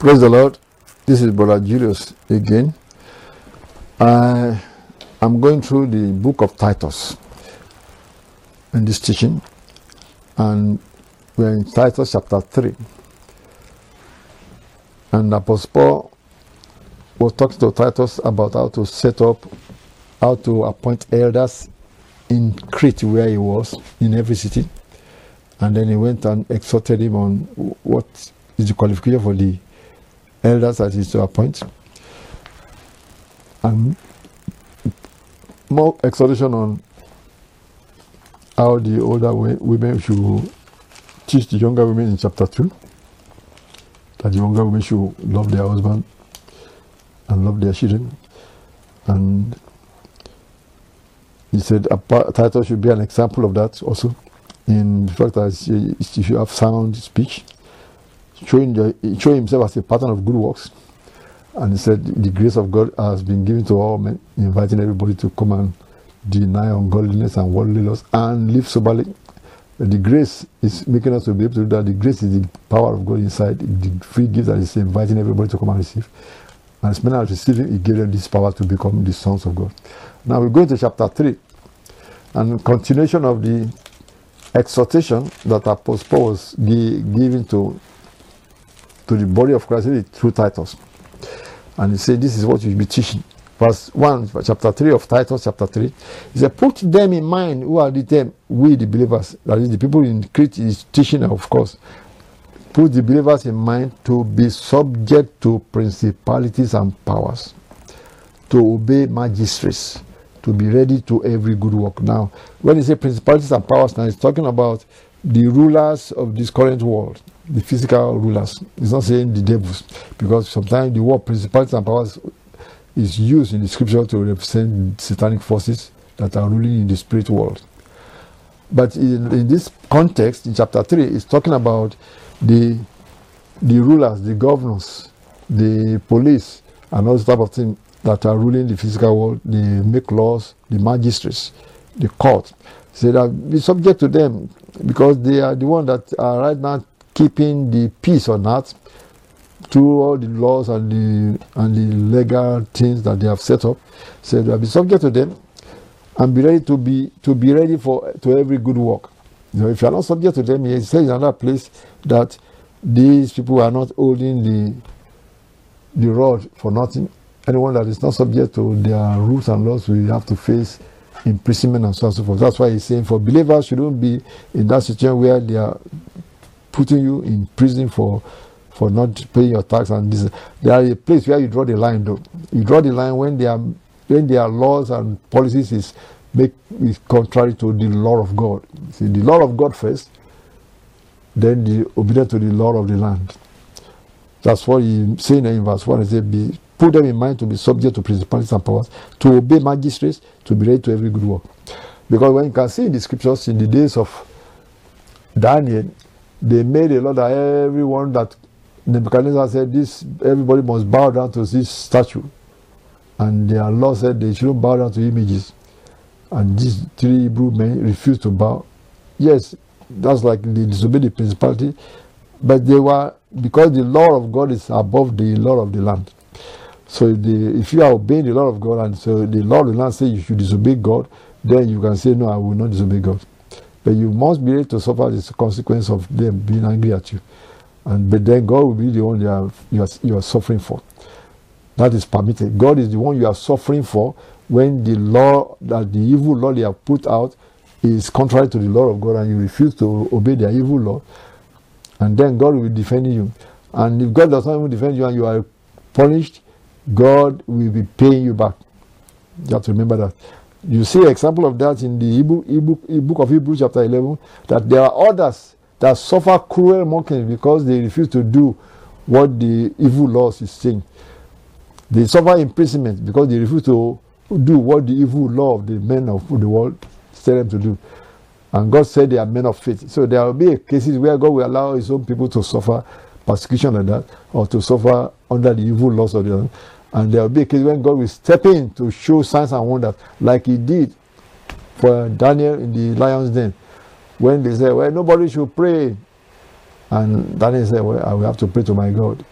Praise the Lord. This is Brother Julius again. I am going through the book of Titus in this teaching, and we are in Titus chapter 3. And Apostle Paul was talking to Titus about how to set up, how to appoint elders in Crete, where he was, in every city. And then he went and exhorted him on what is the qualification for the elders that is to appoint. And more exhortation on how the older women should teach the younger women in chapter 2 that the younger women should love their husband and love their children. And he said "A title should be an example of that also in the fact that she should have sound speech showing, the, showing himself as a pattern of good works. And he said, The grace of God has been given to all men, inviting everybody to come and deny ungodliness and worldliness and live soberly. The grace is making us to be able to do that. The grace is the power of God inside, the free gift that is inviting everybody to come and receive. And as men are receiving, He gave them this power to become the sons of God. Now we go to chapter 3 and continuation of the exhortation that Apostle Paul was giving to to the body of Christ in through Titus. And he said, This is what you should be teaching. Verse 1, chapter 3 of Titus, chapter 3. He said, Put them in mind who are the we the believers. That is, the people in Crete is teaching, of course. Put the believers in mind to be subject to principalities and powers, to obey magistrates, to be ready to every good work. Now, when he say principalities and powers, now he's talking about the rulers of this current world the physical rulers. It's not saying the devils, because sometimes the word principalities and powers is used in the scripture to represent satanic forces that are ruling in the spirit world. But in, in this context, in chapter 3, it's talking about the, the rulers, the governors, the police, and all this type of thing that are ruling the physical world. They make laws, the magistrates, the court. Say so that be subject to them because they are the one that are right now keeping the peace on earth through all the laws and the and the legal things that they have set up. Said, so be subject to them and be ready to be to be ready for to every good work. You know, if you are not subject to them, he says in another place that these people are not holding the the rod for nothing. Anyone that is not subject to their rules and laws will have to face imprisonment and so on and so forth. That's why he's saying for believers shouldn't be in that situation where they are putting you in prison for for not paying your tax and this there are a place where you draw the line though you draw the line when there are when their laws and policies is make is contrary to the law of god see the law of god first then the obedience to the law of the land that's what he saying in verse 1 he said be put them in mind to be subject to principalities and powers to obey magistrates to be ready to every good work because when you can see in the scriptures in the days of daniel they made a law that everyone that Nebuchadnezzar said, this everybody must bow down to this statue. And their law said they shouldn't bow down to images. And these three Hebrew men refused to bow. Yes, that's like they disobeyed the principality, but they were because the law of God is above the law of the land. So if, the, if you are obeying the law of God and so the law of the land says you should disobey God, then you can say, No, I will not disobey God. But you must be able to suffer the consequence of them being angry at you. And but then God will be the one you are, you are, you are suffering for. That is permitted. God is the one you are suffering for when the law that the evil law they have put out is contrary to the law of God and you refuse to obey their evil law. And then God will defend you. And if God does not even defend you and you are punished, God will be paying you back. You have to remember that. You see example of that in the Hebrew, book of Hebrews chapter 11, that there are others that suffer cruel mocking because they refuse to do what the evil laws is saying. They suffer imprisonment because they refuse to do what the evil law of the men of the world tell them to do. And God said they are men of faith. So there will be cases where God will allow his own people to suffer persecution like that or to suffer under the evil laws of the other. And there will be a case when God will step in to show signs and wonders, like He did for Daniel in the lion's den. When they said, Well, nobody should pray. And Daniel said, Well, I will have to pray to my God.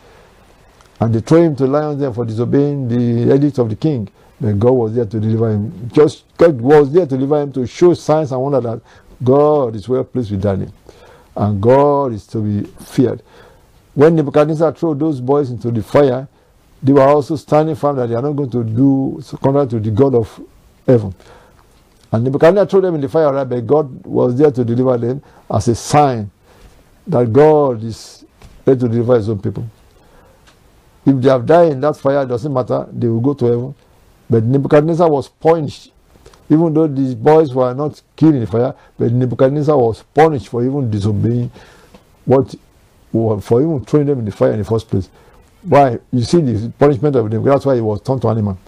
And they threw him to the lion's den for disobeying the edict of the king. But God was there to deliver him. Just God was there to deliver him to show signs and wonders that God is well pleased with Daniel. And God is to be feared. When Nebuchadnezzar threw those boys into the fire, they were also standing firm that they are not going to do so contrary to the God of heaven. And Nebuchadnezzar threw them in the fire, right? But God was there to deliver them as a sign that God is there to deliver his own people. If they have died in that fire, it doesn't matter, they will go to heaven. But Nebuchadnezzar was punished, even though these boys were not killed in the fire, but Nebuchadnezzar was punished for even disobeying what for even throwing them in the fire in the first place. Why? You see the punishment of them. That's why he was turned to animal,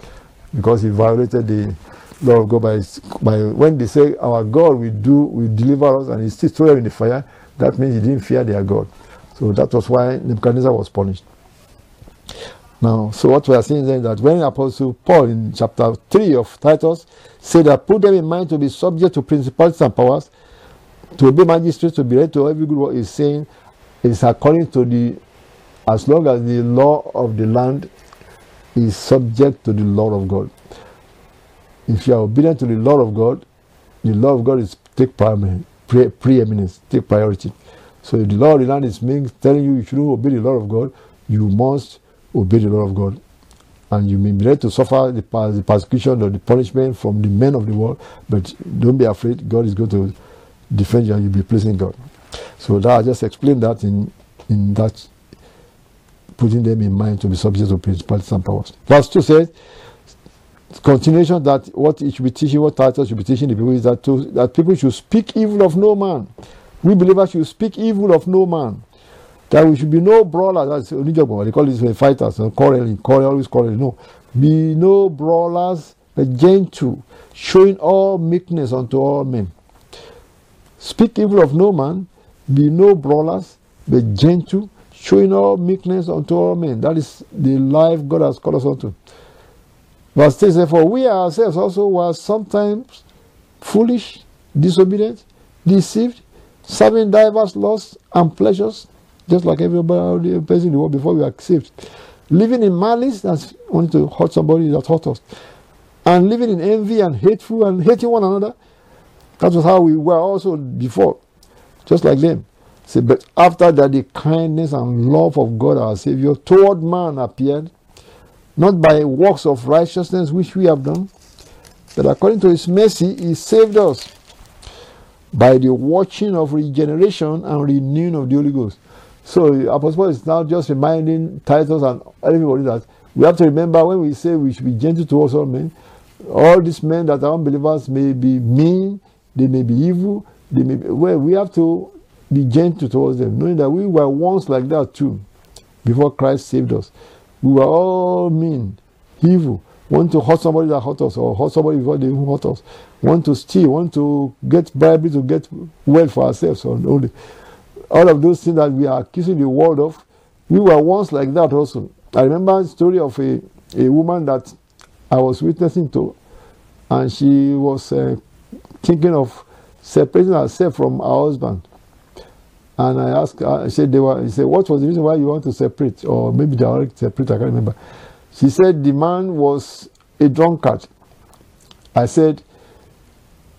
because he violated the law of God by, by when they say our God will do will deliver us and he still throw them in the fire. That means he didn't fear their God. So that was why Nebuchadnezzar was punished. Now, so what we are seeing is that when Apostle Paul in chapter 3 of Titus said that put them in mind to be subject to principalities and powers, to obey magistrates, to be ready to every good work, is saying is according to the as long as the law of the land is subject to the law of God. If you are obedient to the law of God, the law of God is take preeminence, pre- preeminence take priority. So if the law of the land is means telling you you shouldn't obey the law of God, you must obey the law of God. And you may be ready to suffer the, the persecution or the punishment from the men of the world, but don't be afraid, God is going to defend you and you'll be pleasing God. So that I just explained that in in that putting them in mind to be subject to principalities and powers. Verse 2 says, continuation that what it should be teaching, what Titus should be teaching the people is that, to, that people should speak evil of no man. We believers should speak evil of no man. That we should be no brawlers. That's Onijogbo. They call this fighters, so uh, quarreling, quarrel, always quarreling. No. Be no brawlers, but gentle, showing all meekness unto all men. Speak evil of no man, be no brawlers, but gentle, showing all meekness unto all men. That is the life God has called us unto. Verse 3 says, For we ourselves also were sometimes foolish, disobedient, deceived, serving divers lusts and pleasures, just like everybody person in the world before we were saved. Living in malice, that's wanting to hurt somebody that hurt us. And living in envy and hateful and hating one another. That was how we were also before, just like them. See, but after that, the kindness and love of God our Savior toward man appeared, not by works of righteousness which we have done, but according to his mercy, he saved us by the watching of regeneration and renewing of the Holy Ghost. So Apostle Paul is now just reminding Titus and everybody that we have to remember when we say we should be gentle towards all men, all these men that are unbelievers may be mean, they may be evil, they may be, well, we have to be gentle towards them, knowing that we were once like that too before Christ saved us. We were all mean, evil, want to hurt somebody that hurt us, or hurt somebody before they even hurt us, want to steal, want to get bribery to get wealth for ourselves, or only. all of those things that we are accusing the world of. We were once like that also. I remember a story of a, a woman that I was witnessing to, and she was uh, thinking of separating herself from her husband and I asked, I said, they were, he said, what was the reason why you want to separate? Or maybe they already separate, I can't remember. She said, the man was a drunkard. I said,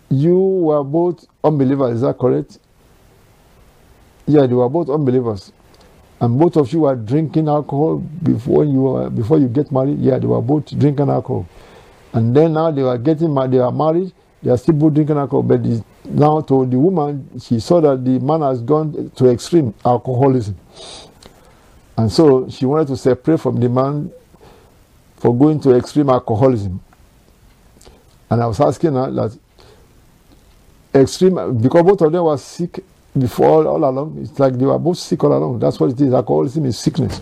you were both unbelievers, is that correct? Yeah, they were both unbelievers. And both of you were drinking alcohol before you were, before you get married. Yeah, they were both drinking alcohol. And then now they were getting married, they are married, they are still both drinking alcohol. But the now, to the woman, she saw that the man has gone to extreme alcoholism. And so she wanted to separate from the man for going to extreme alcoholism. And I was asking her that extreme, because both of them were sick before all, all along, it's like they were both sick all along. That's what it is. Alcoholism is sickness.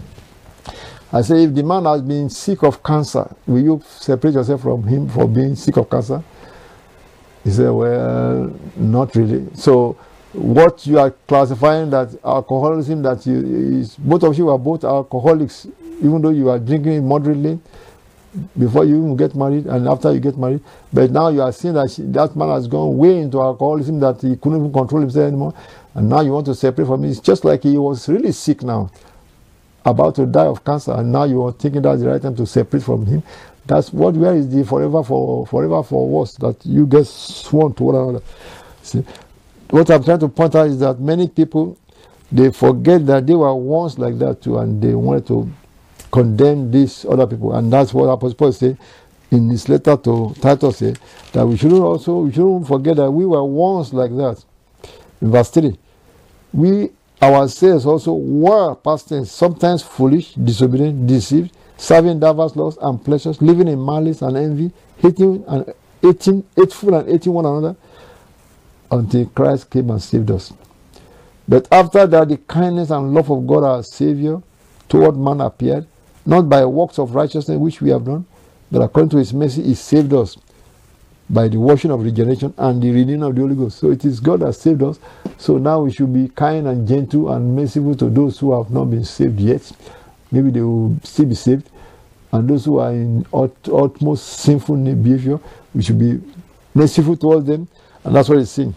I say, if the man has been sick of cancer, will you separate yourself from him for being sick of cancer? He said, Well, not really. So, what you are classifying that alcoholism, that you, is, both of you are both alcoholics, even though you are drinking moderately before you even get married and after you get married. But now you are seeing that she, that man has gone way into alcoholism that he couldn't even control himself anymore. And now you want to separate from him. It's just like he was really sick now, about to die of cancer. And now you are thinking that's the right time to separate from him. That's what where is the forever for forever for us that you get sworn to one another. See, what I'm trying to point out is that many people they forget that they were once like that too, and they wanted to condemn these other people, and that's what Apostle Paul say in his letter to Titus say, eh, that we shouldn't also we shouldn't forget that we were once like that. In verse three, we ourselves also were past tense, sometimes foolish, disobedient, deceived serving diverse lusts and pleasures, living in malice and envy, hating and hating, hateful and hating one another, until Christ came and saved us. But after that, the kindness and love of God our Savior toward man appeared, not by works of righteousness which we have done, but according to His mercy, He saved us by the washing of regeneration and the renewing of the Holy Ghost. So it is God that saved us. So now we should be kind and gentle and merciful to those who have not been saved yet maybe they will still be saved. And those who are in utmost sinful behavior, we should be merciful towards them. And that's what he's saying.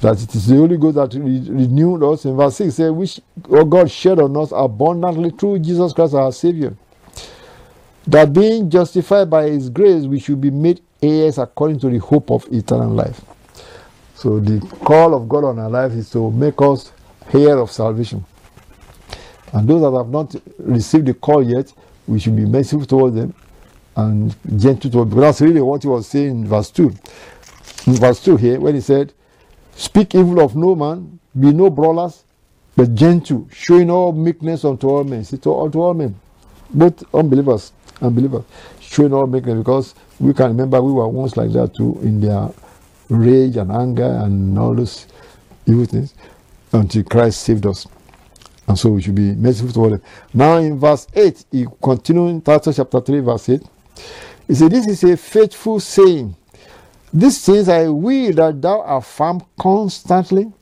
That it is the Holy Ghost that re- renewed us. In verse 6, said, which oh God shed on us abundantly through Jesus Christ our Savior. That being justified by his grace, we should be made heirs according to the hope of eternal life. So the call of God on our life is to make us heir of salvation. And those that have not received the call yet, we should be merciful towards them and gentle towards them. Because that's really what he was saying in verse 2. In verse 2 here, when he said, Speak evil of no man, be no brawlers, but gentle, showing all meekness unto all men. See, to, all men, both unbelievers and believers, showing all meekness because we can remember we were once like that too in their rage and anger and all those evil things until Christ saved us. And so we should be merciful toward them. Now in verse 8, he continues, Titus chapter 3, verse 8, he said, This is a faithful saying. This says, I will that thou affirm constantly,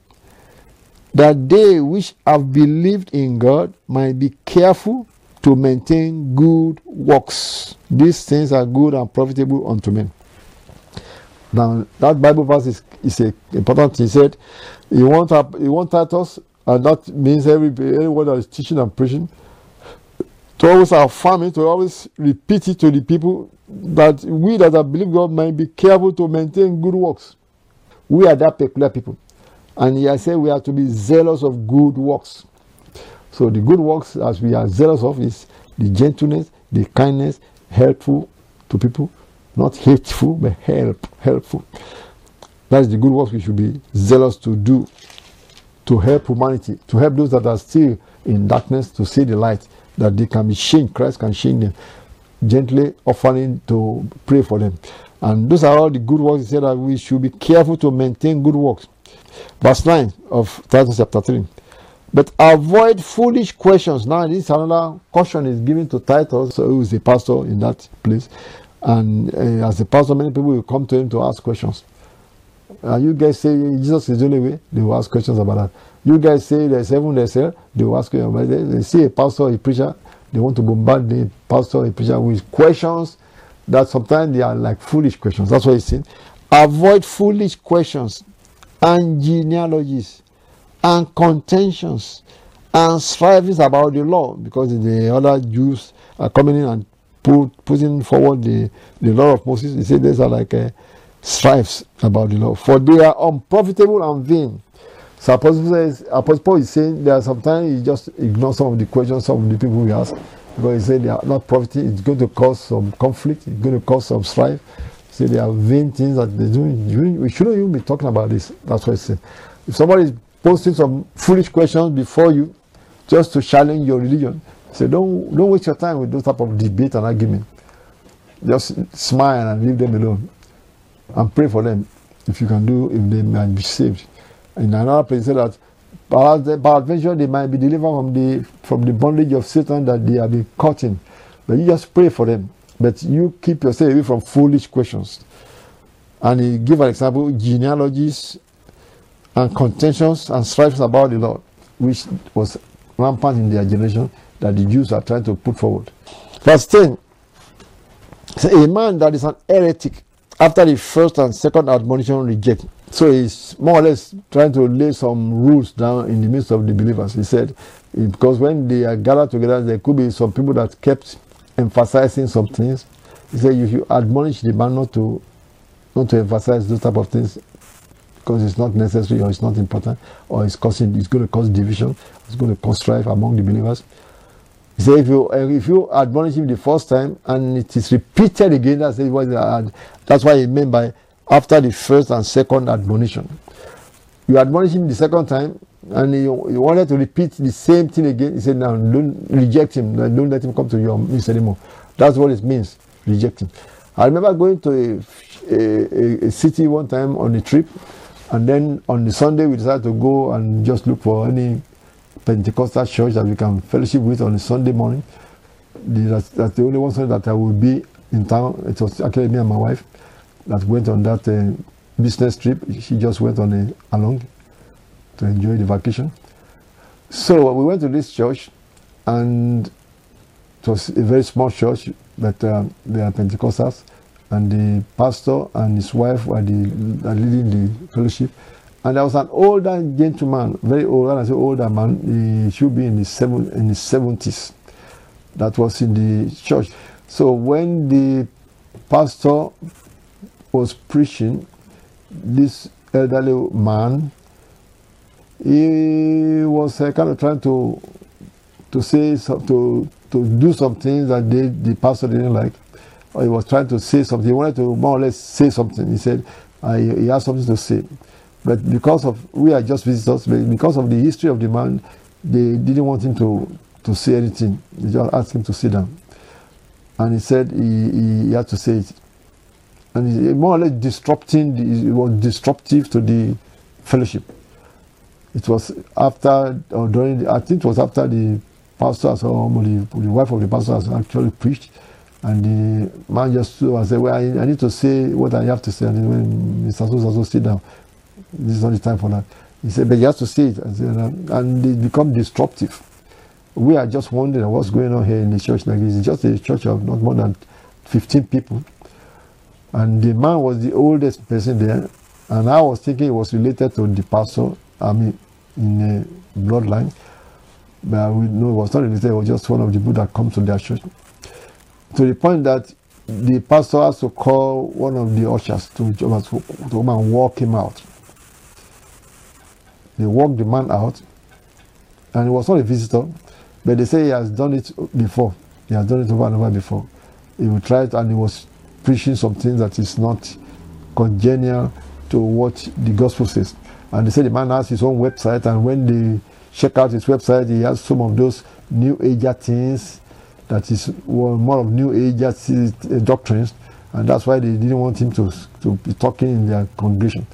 that they which have believed in God might be careful to maintain good works. These things are good and profitable unto men. Now that Bible verse is, is a important. He said, "You want you want Titus and that means every anyone that is teaching and preaching to always affirm it, to always repeat it to the people that we that have believe God might be careful to maintain good works. We are that peculiar people. And he has said we have to be zealous of good works. So the good works as we are zealous of is the gentleness, the kindness, helpful to people, not hateful, but help, helpful. That's the good works we should be zealous to do to help humanity, to help those that are still in darkness to see the light, that they can be changed. Christ can change them, gently offering to pray for them. And those are all the good works. He said that we should be careful to maintain good works. Verse 9 of Titus chapter 3. But avoid foolish questions. Now, this another caution is given to Titus, who is a pastor in that place. And uh, as a pastor, many people will come to him to ask questions. Ah, you guys say Jesus is the only way, they will ask questions about that. You guys say there's heaven, there's hell, eh, they will ask you about it. They see a pastor, a preacher, they want to bombard the pastor, a preacher with questions that sometimes they are like foolish questions. That's what he's saying. Avoid foolish questions and genealogies and contentions and strivings about the law because the other Jews are coming in and put, putting forward the, the law of Moses. They say these are like a, eh, strives about the law, for they are unprofitable and vain. So Apostle says, Apostle Paul is saying that sometimes you just ignore some of the questions some of the people we ask because he said they are not profiting. It's going to cause some conflict. It's going to cause some strife. So they are vain things that they do. We shouldn't even be talking about this. That's what he said. If somebody is posting some foolish questions before you, just to challenge your religion, say don't don't waste your time with those type of debate and argument. Just smile and leave them alone and pray for them if you can do, if they might be saved. In another place, say that by, by adventure they might be delivered from the from the bondage of Satan that they have been caught in. But you just pray for them. But you keep yourself away from foolish questions. And he give an example genealogies and contentions and strifes about the Lord, which was rampant in their generation that the Jews are trying to put forward. Verse 10 A man that is an heretic after the first and second admonition reject. So he's more or less trying to lay some rules down in the midst of the believers. He said, because when they are gathered together, there could be some people that kept emphasizing some things. He said, you, you admonish the man not to not to emphasize those type of things because it's not necessary or it's not important or it's causing it's going to cause division, it's going to cause strife among the believers. He said, if you, uh, if you admonish him the first time and it is repeated again, that's what he That's why he meant by after the first and second admonition. You admonish him the second time and he, he wanted to repeat the same thing again. He said, now don't reject him. Don't let him come to your midst anymore. That's what it means, rejecting. I remember going to a, a, a city one time on a trip and then on the Sunday we decided to go and just look for any Pentecostal church that we can fellowship with on a Sunday morning. That's, that's the only one Sunday that I will be in town. It was actually me and my wife that went on that uh, business trip. She just went on a, along to enjoy the vacation. So we went to this church, and it was a very small church, but uh, they are Pentecostals, and the pastor and his wife were the, leading the fellowship. And there was an older gentleman, very old, I say older man, he should be in his, seven, in 70s, that was in the church. So when the pastor was preaching, this elderly man, he was uh, kind of trying to to say some, to to do some things that they, the pastor didn't like. Or he was trying to say something. He wanted to more or less say something. He said, "I he, has something to say. But because of we are just visitors, because of the history of the man, they didn't want him to to say anything. They just asked him to sit down, and he said he, he, he had to say it, and he, more or less disrupting. The, it was disruptive to the fellowship. It was after or during. The, I think it was after the pastor, or the, the wife of the pastor, has actually preached. And the man just stood and said, Well, I, I, need to say what I have to say. And when Mr. Sosa so sit down, this is only time for that. He said, but you have to see it. And, it and become disruptive. We are just wondering what's going on here in the church like this. It's just a church of not more than 15 people. And the man was the oldest person there. And I was thinking it was related to the pastor, I mean, in the bloodline. But we know it was not related, it was just one of the people that come to their church. To the point that the pastor has to call one of the ushers to, to come and walk him out. They walked the man out, and he was not a visitor, but they say he has done it before. He has done it over and over before. He would try it, and he was preaching some things that is not congenial to what the gospel says. And they say the man has his own website, and when they check out his website, he has some of those new age things that is more of new ager doctrines, and that's why they didn't want him to, to be talking in their congregation.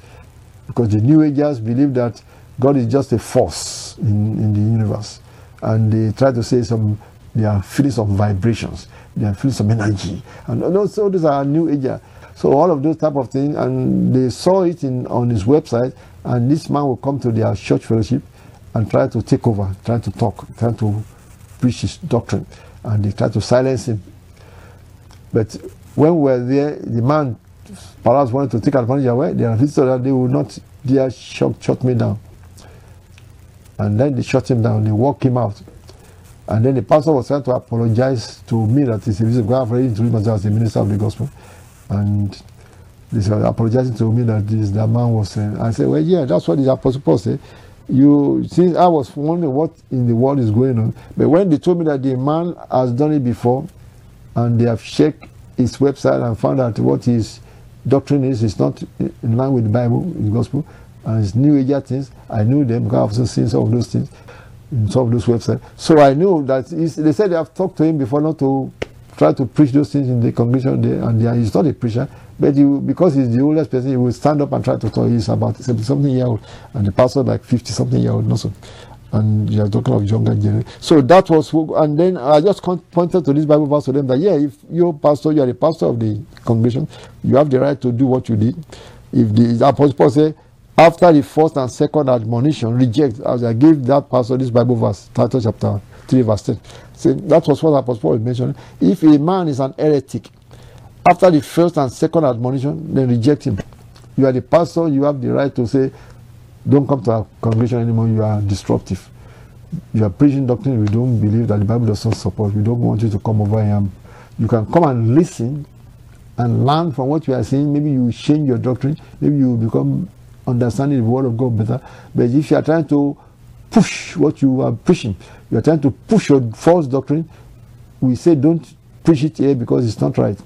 Because the new agers believe that God is just a force in, in the universe. And they try to say some they are fields of vibrations, they are fields of energy. And so these are new age. So all of those type of things, and they saw it in on his website, and this man will come to their church fellowship and try to take over, try to talk, try to preach his doctrine, and they try to silence him. But when we were there, the man perhaps wanted to take advantage of it, they are that they would not dare shut, shut me down. And then they shut him down, they walk him out. And then the pastor was trying to apologize to me that he's a visit because i already introduced myself as a minister of the gospel. And he said, apologizing to me that this that man was saying. Uh, I said, Well, yeah, that's what the apostle Paul said. You since I was wondering what in the world is going on. But when they told me that the man has done it before and they have checked his website and found out what his doctrine is, it's not in line with the Bible, the gospel, and it's new age things. I knew them because I've also seen some of those things in some of those websites. So I knew that they said they have talked to him before not to try to preach those things in the congregation there, and he's not a preacher, but he, because he's the oldest person, he will stand up and try to talk. He's about something year old, and the pastor like 50 something year old, also. And you're talking of younger generation. So that was, and then I just pointed to this Bible verse to them that, yeah, if you're pastor, you are the pastor of the congregation, you have the right to do what you did. If the Apostle Paul said, after the first and second admonition, reject. As I gave that pastor this Bible verse, title chapter 3, verse 10. See, that was what Apostle Paul mentioned. If a man is an heretic, after the first and second admonition, then reject him. You are the pastor, you have the right to say, don't come to our congregation anymore, you are disruptive. You are preaching doctrine we don't believe that the Bible does not support. We don't want you to come over here. You can come and listen and learn from what you are saying. Maybe you change your doctrine. Maybe you become understanding the word of God better. But if you are trying to push what you are preaching, you are trying to push your false doctrine, we say don't preach it here because it's not right.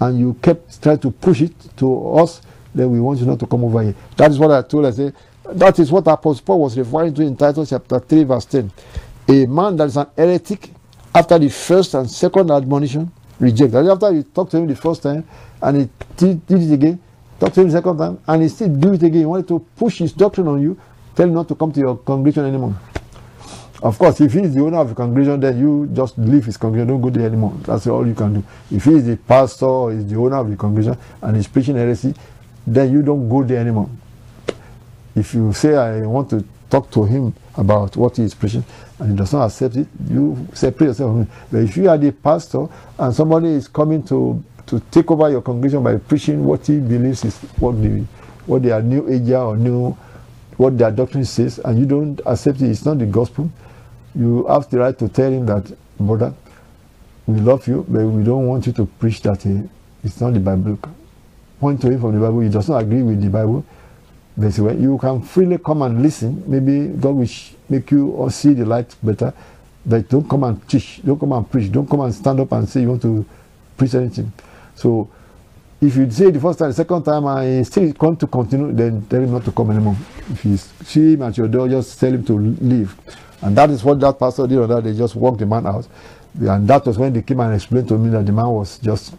And you kept trying to push it to us, then we want you not to come over here. That is what I told. I say that is what Apostle Paul was referring to in Titus chapter 3, verse 10. A man that is an heretic after the first and second admonition, reject. after you talk to him the first time and he did it again, Talk to him second time, and he still do it again. He wanted to push his doctrine on you. Tell him not to come to your congregation anymore. Of course, if he's the owner of the congregation, then you just leave his congregation, don't go there anymore. That's all you can do. If he's the pastor or he's the owner of the congregation and he's preaching heresy, then you don't go there anymore. If you say, I want to talk to him about what he is preaching and he does not accept it, you separate yourself from him. But if you are the pastor and somebody is coming to to take over your congregation by preaching what he believes is what the what their new age or new what their doctrine says and you don't accept it it's not the gospel you have the right to tell him that brother we love you but we don't want you to preach that uh, it's not the bible point to him from the bible he does not agree with the bible Basically, you can freely come and listen maybe god will make you or see the light better but don't come and teach don't come and preach don't come and stand up and say you want to preach anything so if you say the first time, the second time, and he still want to continue, then tell him not to come anymore. If you see him at your door, just tell him to leave. And that is what that pastor did on that They just walked the man out. And that was when they came and explained to me that the man was just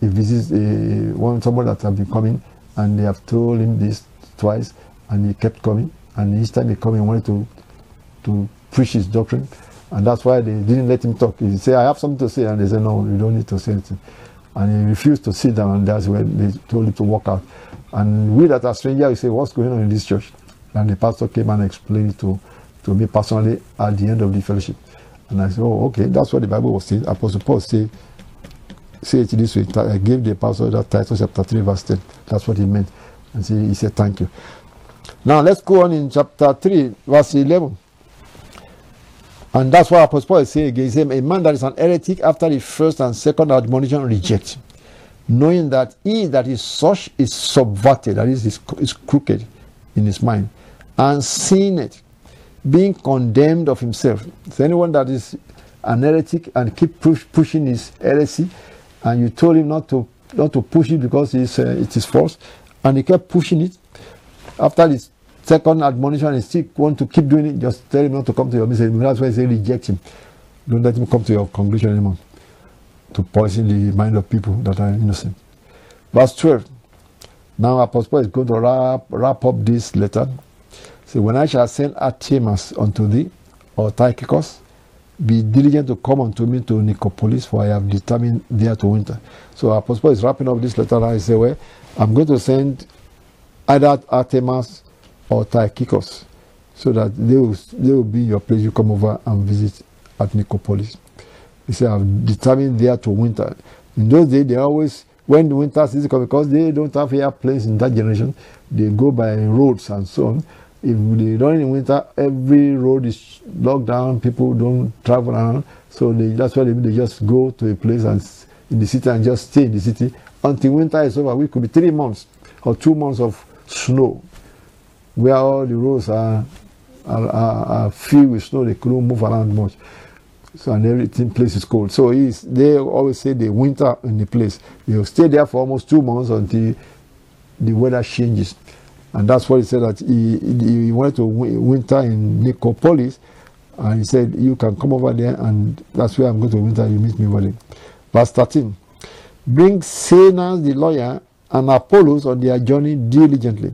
a visit, a, one someone that had been coming, and they have told him this twice, and he kept coming. And each time he came, he wanted to, to preach his doctrine. And that's why they didn't let him talk. He said, I have something to say. And they said, No, you don't need to say anything. And he refused to sit down. And that's when they told him to walk out. And we that are strangers, we say, What's going on in this church? And the pastor came and explained it to, to me personally at the end of the fellowship. And I said, Oh, okay, that's what the Bible was saying. Apostle Paul said, Say it this way. I gave the pastor that title, chapter 3, verse 10. That's what he meant. And he said, Thank you. Now let's go on in chapter 3, verse 11. And that's why Apostle Paul is saying against him a man that is an heretic after the first and second admonition reject, knowing that he that is such is subverted, that is, is, crooked in his mind, and seeing it, being condemned of himself. So anyone that is an heretic and keep push, pushing his heresy, and you told him not to not to push it because it's, uh, it is false, and he kept pushing it. After this Second admonition is sick, want to keep doing it, just tell him not to come to your meeting. That's why I say reject him. Don't let him come to your congregation anymore to poison the mind of people that are innocent. Verse 12. Now Apostle Paul is going to wrap, wrap up this letter. So when I shall send Artemas unto thee, or Tychicus, be diligent to come unto me to Nicopolis, for I have determined there to winter. So Apostle Paul is wrapping up this letter and he say, Well, I'm going to send either Artemas or Thai so that they will, they will be your place you come over and visit at Nicopolis. He said, I've determined there to winter. In those days, they always, when the winter season comes, because they don't have airplanes in that generation, they go by roads and so on. If they don't in winter, every road is locked down, people don't travel around. So they, that's why they, they just go to a place and in the city and just stay in the city until winter is over, We could be three months or two months of snow where all the roads are, are, are, are filled with snow, they couldn't move around much. So, and everything, place is cold. So, he's, they always say the winter in the place. they stay there for almost two months until the weather changes. And that's why he said that he, he, wanted to winter in Nicopolis. And he said, You can come over there, and that's where I'm going to winter. You meet me over Verse 13 Bring Senas the lawyer and Apollos on their journey diligently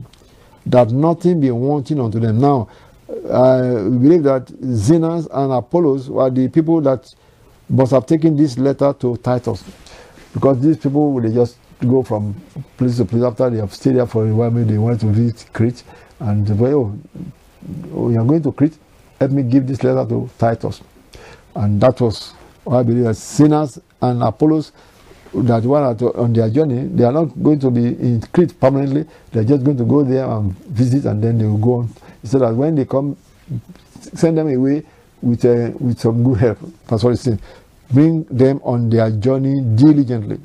that nothing be wanting unto them. Now, I believe that Zenas and Apollos were the people that must have taken this letter to Titus, because these people would just go from place to place after they have stayed there for a while. Maybe they went to visit Crete, and they were, oh, oh, you are going to Crete. Help me give this letter to Titus, and that was I believe that Zenas and Apollos that one on their journey, they are not going to be in Crete permanently. They are just going to go there and visit, and then they will go on. So that when they come, send them away with uh, with some good help. That's what he's saying. Bring them on their journey diligently,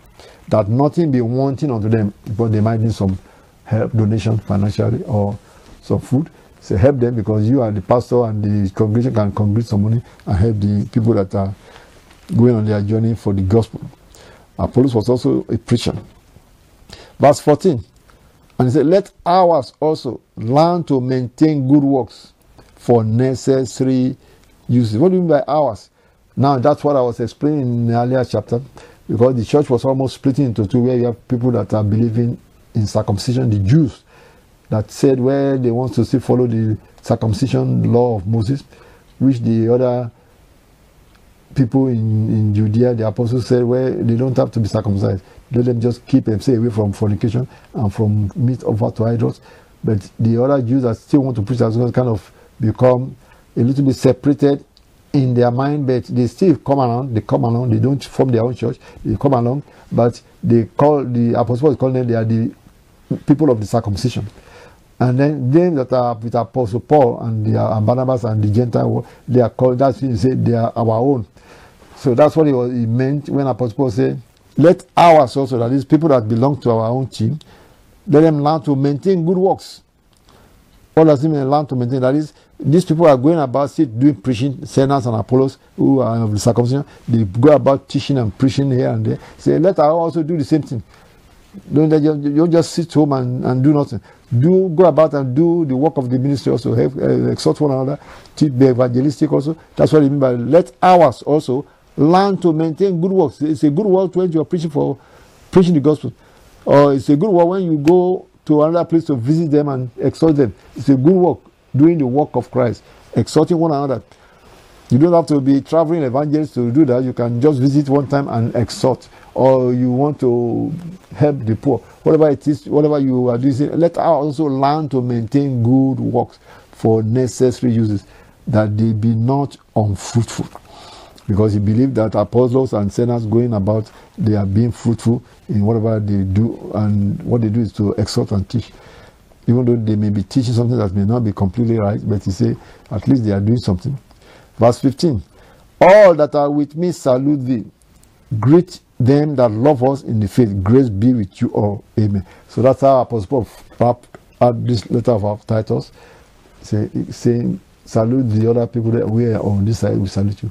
that nothing be wanting unto them, but they might need some help, donation financially or some food. So help them because you are the pastor and the congregation can congregate some money and help the people that are going on their journey for the gospel. Apollos was also a preacher. Verse 14. And he said, Let ours also learn to maintain good works for necessary uses. What do you mean by ours? Now, that's what I was explaining in the earlier chapter because the church was almost splitting into two where you have people that are believing in circumcision, the Jews that said well, they want to still follow the circumcision law of Moses, which the other people in, in Judea, the apostles said, well, they don't have to be circumcised. Let them just keep and stay away from fornication and from meat offered to idols. But the other Jews that still want to preach as well kind of become a little bit separated in their mind, but they still come along, they come along, they don't form their own church, they come along, but they call the apostles call them they are the people of the circumcision. And then them that are with Apostle Paul and, the, Barnabas and the Gentile, they are called, that's what you say, they are our own. So that's what he, was, he meant when Apostle Paul said, Let ours also, that is, people that belong to our own team, let them learn to maintain good works. What does it mean, learn to maintain? That is, these people are going about still doing preaching, Cenas and Apollos, who are of the circumcision. They go about teaching and preaching here and there. Say, let us also do the same thing. Don't, just, don't just sit home and, and do nothing. Do go about and do the work of the ministry also, help, uh, exhort one another, teach the evangelistic also. That's what he mean by let ours also learn to maintain good works. It's a good work when you are preaching for preaching the gospel, or it's a good work when you go to another place to visit them and exhort them. It's a good work doing the work of Christ, exhorting one another. You don't have to be traveling evangelists to do that. You can just visit one time and exhort, or you want to help the poor. Whatever it is, whatever you are doing, let us also learn to maintain good works for necessary uses, that they be not unfruitful because he believed that apostles and sinners going about, they are being fruitful in whatever they do, and what they do is to exhort and teach. Even though they may be teaching something that may not be completely right, but he say, at least they are doing something. Verse 15 All that are with me salute thee. Greet them that love us in the faith. Grace be with you all. Amen. So that's how Apostle Paul wrapped this letter of Titus, say, saying, salute the other people that we are on this side, we salute you.